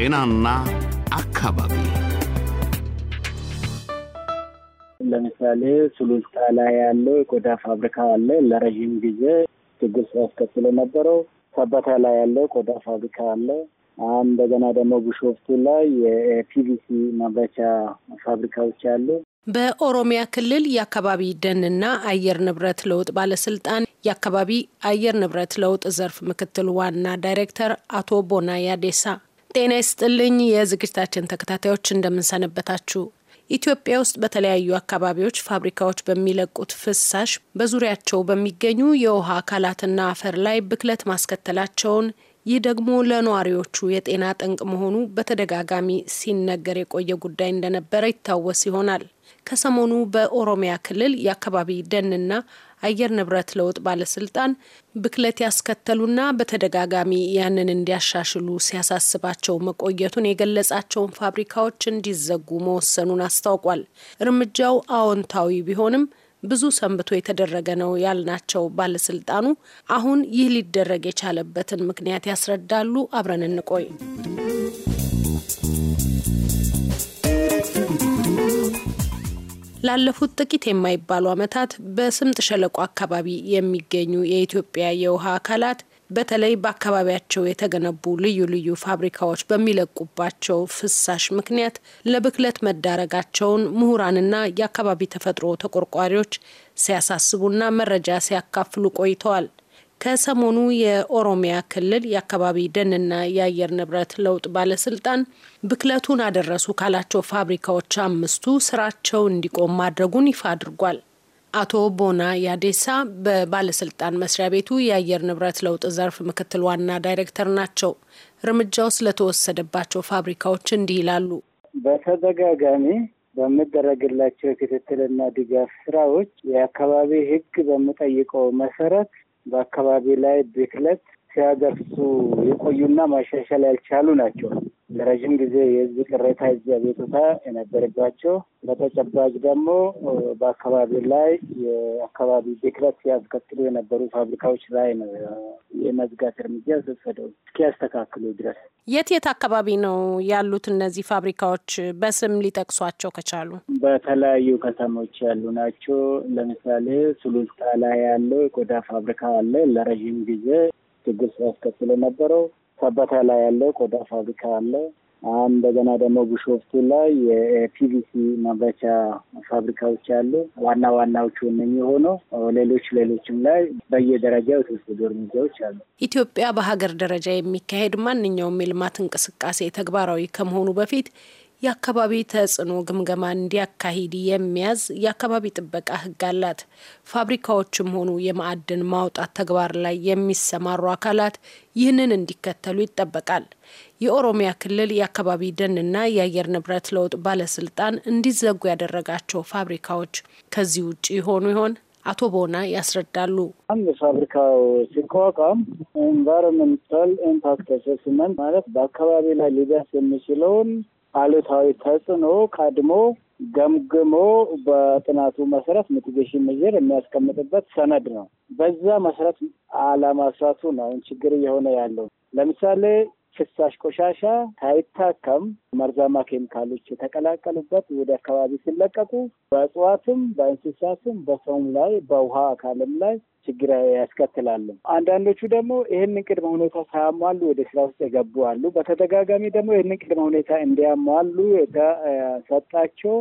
ጤናና አካባቢ ለምሳሌ ሱሉልታ ላይ ያለው የቆዳ ፋብሪካ አለ። ለረዥም ጊዜ ችግር ሲያስከትል ነበረው ሰበታ ላይ ያለው ቆዳ ፋብሪካ አለ። እንደገና ደግሞ ቢሾፍቱ ላይ የፒቪሲ ማምረቻ ፋብሪካዎች አሉ። በኦሮሚያ ክልል የአካባቢ ደንና አየር ንብረት ለውጥ ባለስልጣን የአካባቢ አየር ንብረት ለውጥ ዘርፍ ምክትል ዋና ዳይሬክተር አቶ ቦና ያዴሳ ጤና ይስጥልኝ የዝግጅታችን ተከታታዮች እንደምንሰነበታችሁ። ኢትዮጵያ ውስጥ በተለያዩ አካባቢዎች ፋብሪካዎች በሚለቁት ፍሳሽ በዙሪያቸው በሚገኙ የውሃ አካላትና አፈር ላይ ብክለት ማስከተላቸውን ይህ ደግሞ ለነዋሪዎቹ የጤና ጠንቅ መሆኑ በተደጋጋሚ ሲነገር የቆየ ጉዳይ እንደነበረ ይታወስ ይሆናል። ከሰሞኑ በኦሮሚያ ክልል የአካባቢ ደንና አየር ንብረት ለውጥ ባለስልጣን ብክለት ያስከተሉና በተደጋጋሚ ያንን እንዲያሻሽሉ ሲያሳስባቸው መቆየቱን የገለጻቸውን ፋብሪካዎች እንዲዘጉ መወሰኑን አስታውቋል። እርምጃው አዎንታዊ ቢሆንም ብዙ ሰንብቶ የተደረገ ነው ያልናቸው ባለስልጣኑ አሁን ይህ ሊደረግ የቻለበትን ምክንያት ያስረዳሉ። አብረን እንቆይ። ላለፉት ጥቂት የማይባሉ ዓመታት በስምጥ ሸለቆ አካባቢ የሚገኙ የኢትዮጵያ የውሃ አካላት በተለይ በአካባቢያቸው የተገነቡ ልዩ ልዩ ፋብሪካዎች በሚለቁባቸው ፍሳሽ ምክንያት ለብክለት መዳረጋቸውን ምሁራንና የአካባቢ ተፈጥሮ ተቆርቋሪዎች ሲያሳስቡና መረጃ ሲያካፍሉ ቆይተዋል። ከሰሞኑ የኦሮሚያ ክልል የአካባቢ ደንና የአየር ንብረት ለውጥ ባለስልጣን ብክለቱን አደረሱ ካላቸው ፋብሪካዎች አምስቱ ስራቸው እንዲቆም ማድረጉን ይፋ አድርጓል። አቶ ቦና ያዴሳ በባለስልጣን መስሪያ ቤቱ የአየር ንብረት ለውጥ ዘርፍ ምክትል ዋና ዳይሬክተር ናቸው። እርምጃው ስለተወሰደባቸው ፋብሪካዎች እንዲህ ይላሉ። በተደጋጋሚ በምደረግላቸው ክትትልና ድጋፍ ስራዎች የአካባቢ ሕግ በምጠይቀው መሰረት በአካባቢ ላይ ብክለት ሲያደርሱ የቆዩና ማሻሻል ያልቻሉ ናቸው። ለረዥም ጊዜ የህዝብ ቅሬታ እዚያ ቤቱታ የነበረባቸው በተጨባጭ ደግሞ በአካባቢው ላይ የአካባቢ ብክለት ሲያስከትሉ የነበሩ ፋብሪካዎች ላይ ነው የመዝጋት እርምጃ የተወሰደው እስኪያስተካክሉ ድረስ። የት የት አካባቢ ነው ያሉት እነዚህ ፋብሪካዎች? በስም ሊጠቅሷቸው ከቻሉ። በተለያዩ ከተሞች ያሉ ናቸው። ለምሳሌ ሱሉልታ ላይ ያለው የቆዳ ፋብሪካ አለ። ለረዥም ጊዜ ችግር ሲያስከትሉ ነበረው። ሰበታ ላይ ያለ ቆዳ ፋብሪካ አለ። እንደገና ደግሞ ቢሾፍቱ ላይ የፒቪሲ ማምረቻ ፋብሪካዎች አሉ። ዋና ዋናዎቹ እነኚህ ሆኖ ሌሎች ሌሎችም ላይ በየደረጃው የተወሰዱ እርምጃዎች አሉ። ኢትዮጵያ በሀገር ደረጃ የሚካሄድ ማንኛውም የልማት እንቅስቃሴ ተግባራዊ ከመሆኑ በፊት የአካባቢ ተጽዕኖ ግምገማ እንዲያካሂድ የሚያዝ የአካባቢ ጥበቃ ሕግ አላት። ፋብሪካዎችም ሆኑ የማዕድን ማውጣት ተግባር ላይ የሚሰማሩ አካላት ይህንን እንዲከተሉ ይጠበቃል። የኦሮሚያ ክልል የአካባቢ ደንና የአየር ንብረት ለውጥ ባለስልጣን እንዲዘጉ ያደረጋቸው ፋብሪካዎች ከዚህ ውጭ ይሆኑ ይሆን? አቶ ቦና ያስረዳሉ። አንድ ፋብሪካው ሲቋቋም ኤንቫይሮንመንታል ኢምፓክት አሴስመንት ማለት በአካባቢ ላይ ሊደርስ የሚችለውን አሉታዊ ተጽዕኖ ቀድሞ ገምግሞ በጥናቱ መሰረት ሚቲጌሽን መጀር የሚያስቀምጥበት ሰነድ ነው። በዛ መሰረት አለመስራቱ ነው ችግር እየሆነ ያለው። ለምሳሌ ፍሳሽ ቆሻሻ ሳይታከም መርዛማ ኬሚካሎች የተቀላቀሉበት ወደ አካባቢ ሲለቀቁ በእጽዋትም በእንስሳትም በሰውም ላይ በውሃ አካልም ላይ ችግር ያስከትላሉ። አንዳንዶቹ ደግሞ ይህንን ቅድመ ሁኔታ ሳያሟሉ ወደ ስራ ውስጥ የገቡ አሉ። በተደጋጋሚ ደግሞ ይህንን ቅድመ ሁኔታ እንዲያሟሉ የተሰጣቸው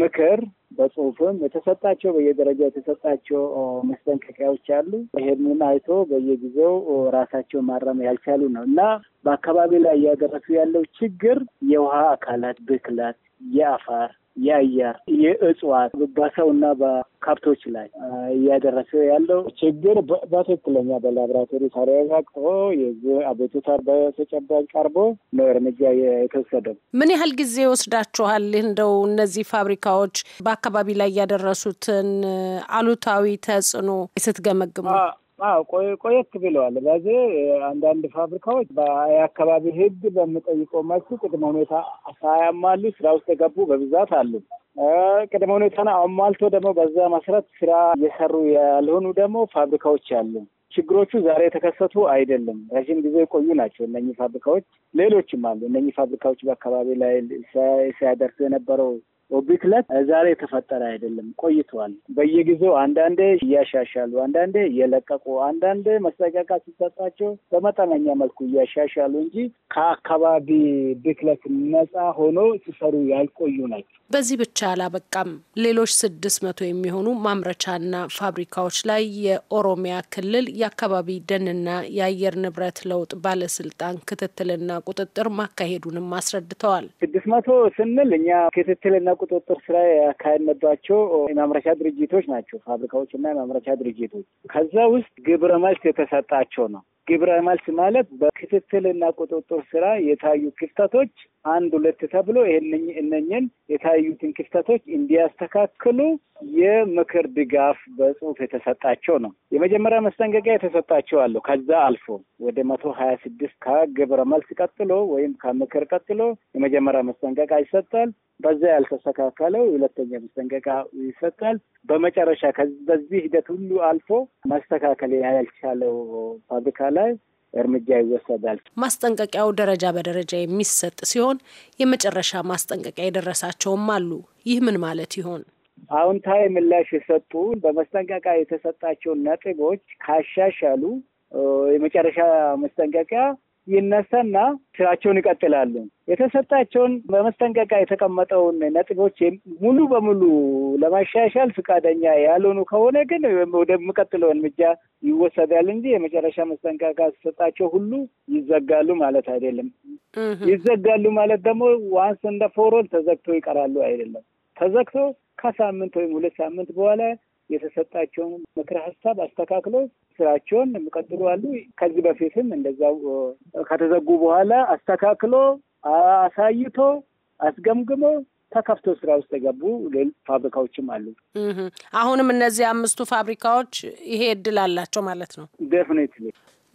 ምክር በጽሁፍም የተሰጣቸው በየደረጃ የተሰጣቸው መስጠንቀቂያዎች አሉ። ይሄንን አይቶ በየጊዜው ራሳቸውን ማረም ያልቻሉ ነው እና በአካባቢ ላይ እያደረሱ ያለው ችግር የውሃ አካላት ብክለት፣ የአፋር የአየር የእጽዋት በሰውና በከብቶች ላይ እያደረሰ ያለው ችግር በትክክለኛ በላብራቶሪ ተረጋግጦ የዚህ አቤቱታ በተጨባጭ ቀርቦ ነው እርምጃ የተወሰደው። ምን ያህል ጊዜ ወስዳችኋል? እንደው እነዚህ ፋብሪካዎች በአካባቢ ላይ ያደረሱትን አሉታዊ ተጽዕኖ ስትገመግሙ? አዎ ቆየት ብለዋል። በዚህ አንዳንድ ፋብሪካዎች የአካባቢ ህግ በምጠይቀው መልኩ ቅድመ ሁኔታ ሳያሟሉ ስራ ውስጥ የገቡ በብዛት አሉ። ቅድመ ሁኔታን አሟልቶ ደግሞ በዛ መሰረት ስራ እየሰሩ ያልሆኑ ደግሞ ፋብሪካዎች አሉ። ችግሮቹ ዛሬ የተከሰቱ አይደለም፣ ረዥም ጊዜ የቆዩ ናቸው እነኚህ ፋብሪካዎች። ሌሎችም አሉ። እነኚህ ፋብሪካዎች በአካባቢ ላይ ሲያደርሱ የነበረው ኦቢክለት ዛሬ የተፈጠረ አይደለም፣ ቆይተዋል። በየጊዜው አንዳንዴ እያሻሻሉ፣ አንዳንዴ እየለቀቁ፣ አንዳንዴ መስጠቀቃ ሲሰጣቸው በመጠነኛ መልኩ እያሻሻሉ እንጂ ከአካባቢ ብክለት ነፃ ሆኖ ሲሰሩ ያልቆዩ ናቸው። በዚህ ብቻ አላበቃም። ሌሎች ስድስት መቶ የሚሆኑ ማምረቻና ፋብሪካዎች ላይ የኦሮሚያ ክልል የአካባቢ ደንና የአየር ንብረት ለውጥ ባለስልጣን ክትትልና ቁጥጥር ማካሄዱንም አስረድተዋል። ስድስት መቶ ስንል እኛ ክትትልና ቁጥጥር ስራ ያካሄድንባቸው የማምረቻ ድርጅቶች ናቸው፣ ፋብሪካዎች እና የማምረቻ ድርጅቶች። ከዛ ውስጥ ግብረ መልስ የተሰጣቸው ነው። ግብረ መልስ ማለት በክትትልና ቁጥጥር ስራ የታዩ ክፍተቶች አንድ ሁለት ተብሎ ይህን እነኝን የታዩትን ክፍተቶች እንዲያስተካክሉ የምክር ድጋፍ በጽሁፍ የተሰጣቸው ነው። የመጀመሪያ መስጠንቀቂያ የተሰጣቸው አለው። ከዛ አልፎ ወደ መቶ ሀያ ስድስት ከግብረ መልስ ቀጥሎ ወይም ከምክር ቀጥሎ የመጀመሪያ መስጠንቀቂያ ይሰጣል። በዛ ያልተስተካከለው ሁለተኛ ማስጠንቀቂያ ይሰጣል። በመጨረሻ በዚህ ሂደት ሁሉ አልፎ ማስተካከል ያልቻለው ፋብሪካ ላይ እርምጃ ይወሰዳል። ማስጠንቀቂያው ደረጃ በደረጃ የሚሰጥ ሲሆን የመጨረሻ ማስጠንቀቂያ የደረሳቸውም አሉ። ይህ ምን ማለት ይሆን? አዎንታዊ ምላሽ የሰጡ በመስጠንቀቂያ የተሰጣቸውን ነጥቦች ካሻሻሉ የመጨረሻ መስጠንቀቂያ? ይነሳና ስራቸውን ይቀጥላሉ። የተሰጣቸውን በመስጠንቀቂያ የተቀመጠውን ነጥቦች ሙሉ በሙሉ ለማሻሻል ፍቃደኛ ያልሆኑ ከሆነ ግን ወደሚቀጥለው እርምጃ ይወሰዳል እንጂ የመጨረሻ መስጠንቀቂያ ተሰጣቸው ሁሉ ይዘጋሉ ማለት አይደለም። ይዘጋሉ ማለት ደግሞ ዋንስ እንደ ፎሮል ተዘግቶ ይቀራሉ አይደለም። ተዘግቶ ከሳምንት ወይም ሁለት ሳምንት በኋላ የተሰጣቸውን ምክረ ሀሳብ አስተካክለው ስራቸውን የሚቀጥሉ አሉ። ከዚህ በፊትም እንደዛው ከተዘጉ በኋላ አስተካክሎ አሳይቶ አስገምግሞ ተከፍቶ ስራ ውስጥ የገቡ ፋብሪካዎችም አሉ። አሁንም እነዚህ አምስቱ ፋብሪካዎች ይሄ እድል አላቸው ማለት ነው። ዴፍኔትሊ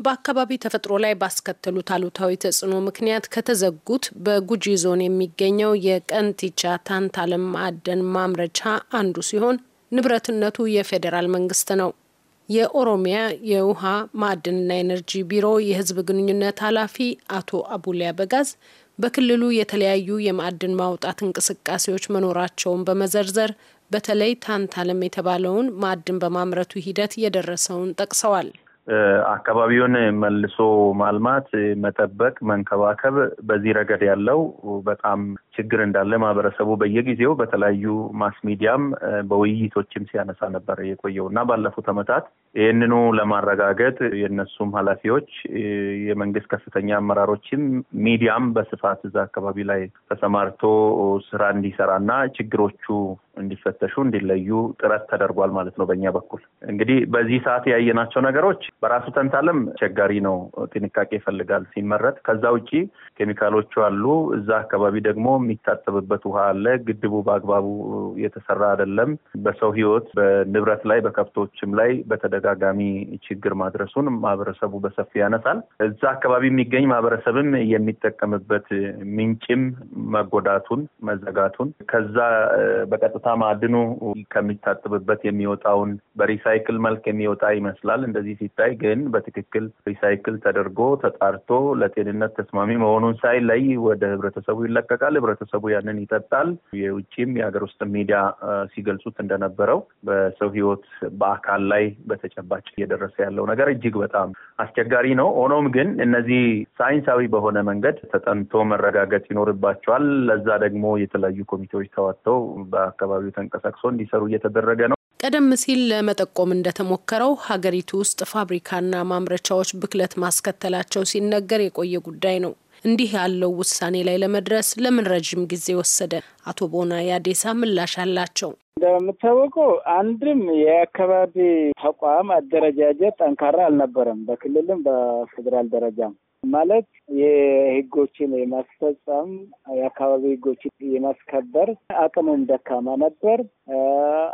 በአካባቢ ተፈጥሮ ላይ ባስከተሉት አሉታዊ ተጽዕኖ ምክንያት ከተዘጉት በጉጂ ዞን የሚገኘው የቀንቲቻ ታንታለም ማዕድን ማምረቻ አንዱ ሲሆን ንብረትነቱ የፌዴራል መንግስት ነው። የኦሮሚያ የውሃ ማዕድንና ኤነርጂ ቢሮ የህዝብ ግንኙነት ኃላፊ አቶ አቡሊያ አበጋዝ በክልሉ የተለያዩ የማዕድን ማውጣት እንቅስቃሴዎች መኖራቸውን በመዘርዘር በተለይ ታንታለም የተባለውን ማዕድን በማምረቱ ሂደት የደረሰውን ጠቅሰዋል። አካባቢውን መልሶ ማልማት፣ መጠበቅ፣ መንከባከብ በዚህ ረገድ ያለው በጣም ችግር እንዳለ ማህበረሰቡ በየጊዜው በተለያዩ ማስ ሚዲያም በውይይቶችም ሲያነሳ ነበር የቆየው እና ባለፉት ዓመታት ይህንኑ ለማረጋገጥ የእነሱም ኃላፊዎች የመንግስት ከፍተኛ አመራሮችም ሚዲያም በስፋት እዛ አካባቢ ላይ ተሰማርቶ ስራ እንዲሰራና ችግሮቹ እንዲፈተሹ እንዲለዩ ጥረት ተደርጓል ማለት ነው። በእኛ በኩል እንግዲህ በዚህ ሰዓት ያየናቸው ነገሮች በራሱ ተንታለም አስቸጋሪ ነው፣ ጥንቃቄ ይፈልጋል ሲመረጥ ከዛ ውጪ ኬሚካሎቹ አሉ። እዛ አካባቢ ደግሞ የሚታጠብበት ውሃ አለ። ግድቡ በአግባቡ የተሰራ አይደለም። በሰው ህይወት በንብረት ላይ በከብቶችም ላይ በተደጋጋሚ ችግር ማድረሱን ማህበረሰቡ በሰፊ ያነሳል። እዛ አካባቢ የሚገኝ ማህበረሰብም የሚጠቀምበት ምንጭም መጎዳቱን፣ መዘጋቱን ከዛ በቀጥታ ማዕድኑ ከሚታጠብበት የሚወጣውን በሪሳይክል መልክ የሚወጣ ይመስላል። እንደዚህ ሲታይ ግን በትክክል ሪሳይክል ተደርጎ ተጣርቶ ለጤንነት ተስማሚ መሆኑን ሳይለይ ወደ ህብረተሰቡ ይለቀቃል። ህብረተሰቡ ያንን ይጠጣል። የውጭም የሀገር ውስጥ ሚዲያ ሲገልጹት እንደነበረው በሰው ህይወት በአካል ላይ በተጨባጭ እየደረሰ ያለው ነገር እጅግ በጣም አስቸጋሪ ነው። ሆኖም ግን እነዚህ ሳይንሳዊ በሆነ መንገድ ተጠንቶ መረጋገጥ ይኖርባቸዋል። ለዛ ደግሞ የተለያዩ ኮሚቴዎች ተዋጥተው በአካባቢው ተንቀሳቅሶ እንዲሰሩ እየተደረገ ነው። ቀደም ሲል ለመጠቆም እንደተሞከረው ሀገሪቱ ውስጥ ፋብሪካና ማምረቻዎች ብክለት ማስከተላቸው ሲነገር የቆየ ጉዳይ ነው። እንዲህ ያለው ውሳኔ ላይ ለመድረስ ለምን ረዥም ጊዜ ወሰደ? አቶ ቦና ያዴሳ ምላሽ አላቸው። እንደምታወቀው አንድም የአካባቢ ተቋም አደረጃጀት ጠንካራ አልነበረም፣ በክልልም በፌዴራል ደረጃም ማለት የህጎችን የማስፈጸም የአካባቢ ህጎችን የማስከበር አቅሙም ደካማ ነበር።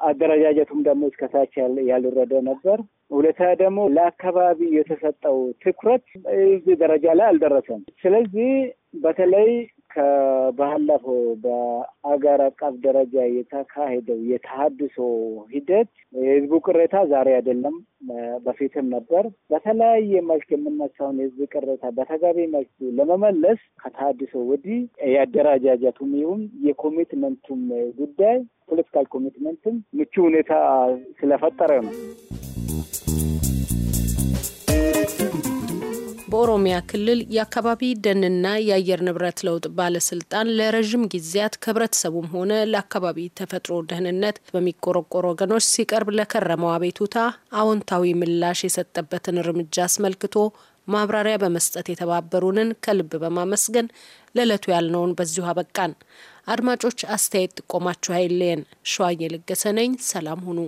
አደረጃጀቱም ደግሞ እስከታች ያልወረደ ነበር። ሁለተኛ ደግሞ ለአካባቢ የተሰጠው ትኩረት እዚህ ደረጃ ላይ አልደረሰም። ስለዚህ በተለይ ከባለፈው በአገር አቀፍ ደረጃ የተካሄደው የተሀድሶ ሂደት የህዝቡ ቅሬታ ዛሬ አይደለም፣ በፊትም ነበር። በተለያየ መልክ የምነሳውን የህዝብ ቅሬታ በተገቢ መልክ ለመመለስ ከተሀድሶ ወዲህ የአደረጃጀቱም ይሁን የኮሚትመንቱም ጉዳይ ፖለቲካል ኮሚትመንትም ምቹ ሁኔታ ስለፈጠረ ነው። በኦሮሚያ ክልል የአካባቢ ደንና የአየር ንብረት ለውጥ ባለስልጣን ለረዥም ጊዜያት ከህብረተሰቡም ሆነ ለአካባቢ ተፈጥሮ ደህንነት በሚቆረቆር ወገኖች ሲቀርብ ለከረመው አቤቱታ አዎንታዊ ምላሽ የሰጠበትን እርምጃ አስመልክቶ ማብራሪያ በመስጠት የተባበሩንን ከልብ በማመስገን ለዕለቱ ያልነውን በዚሁ አበቃን። አድማጮች፣ አስተያየት ጥቆማችሁ አይለየን። ሸዋዬ ለገሰ ነኝ። ሰላም ሁኑ።